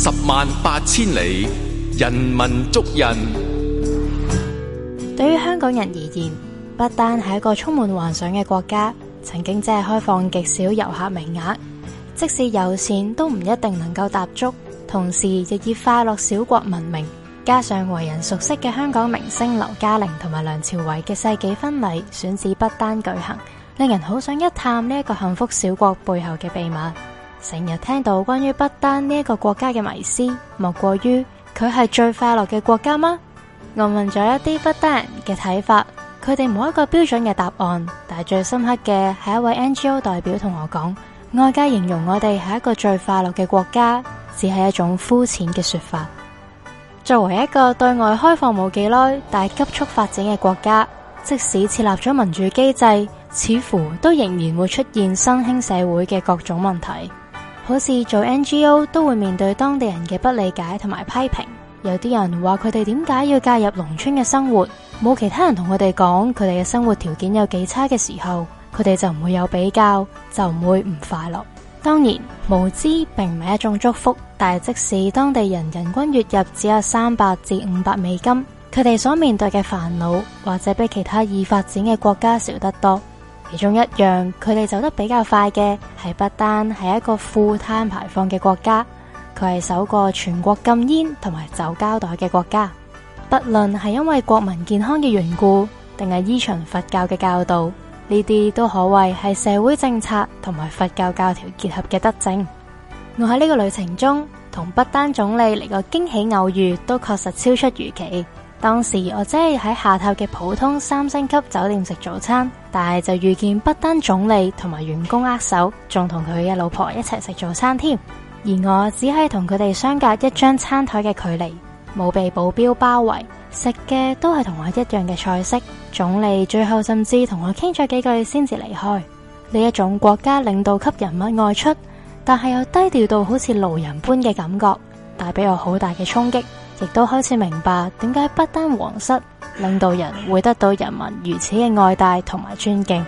十萬八千里，人文足印。對於香港人而言，不丹係一個充滿幻想嘅國家，曾經只係開放極少遊客名額，即使有錢都唔一定能夠踏足。同時，亦以快樂小國聞名。加上為人熟悉嘅香港明星劉嘉玲同埋梁朝偉嘅世紀婚禮選址不丹舉行，令人好想一探呢一個幸福小國背後嘅秘密。成日聽到關於不丹呢一個國家嘅迷思，莫過於佢係最快樂嘅國家嗎？我問咗一啲不丹人嘅睇法，佢哋冇一個標準嘅答案，但係最深刻嘅係一位 NGO 代表同我講，外界形容我哋係一個最快樂嘅國家，只係一種膚淺嘅說法。作為一個對外開放冇幾耐但係急速發展嘅國家，即使設立咗民主機制，似乎都仍然會出現新興社會嘅各種問題。好似做 NGO 都會面對當地人嘅不理解同埋批評，有啲人話佢哋點解要介入農村嘅生活，冇其他人同佢哋講佢哋嘅生活條件有幾差嘅時候，佢哋就唔會有比較，就唔會唔快樂。當然無知並唔係一種祝福，但係即使當地人人均月入只有三百至五百美金，佢哋所面對嘅煩惱或者比其他已發展嘅國家少得多。其中一樣，佢哋走得比較快嘅係不丹，係一個負碳排放嘅國家，佢係首個全國禁煙同埋走膠袋嘅國家。不論係因為國民健康嘅緣故，定係依循佛教嘅教導，呢啲都可謂係社會政策同埋佛教教條結合嘅德政。我喺呢個旅程中同不丹總理嚟個驚喜偶遇，都確實超出預期。當時我只係喺下榻嘅普通三星級酒店食早餐，但係就遇見不丹總理同埋員工握手，仲同佢嘅老婆一齊食早餐添。而我只係同佢哋相隔一張餐台嘅距離，冇被保鏢包圍，食嘅都係同我一樣嘅菜式。總理最後甚至同我傾咗幾句先至離開。呢一種國家領導級人物外出，但係又低調到好似路人般嘅感覺，帶俾我好大嘅衝擊。亦都開始明白點解不丹皇室領導人會得到人民如此嘅愛戴同埋尊敬。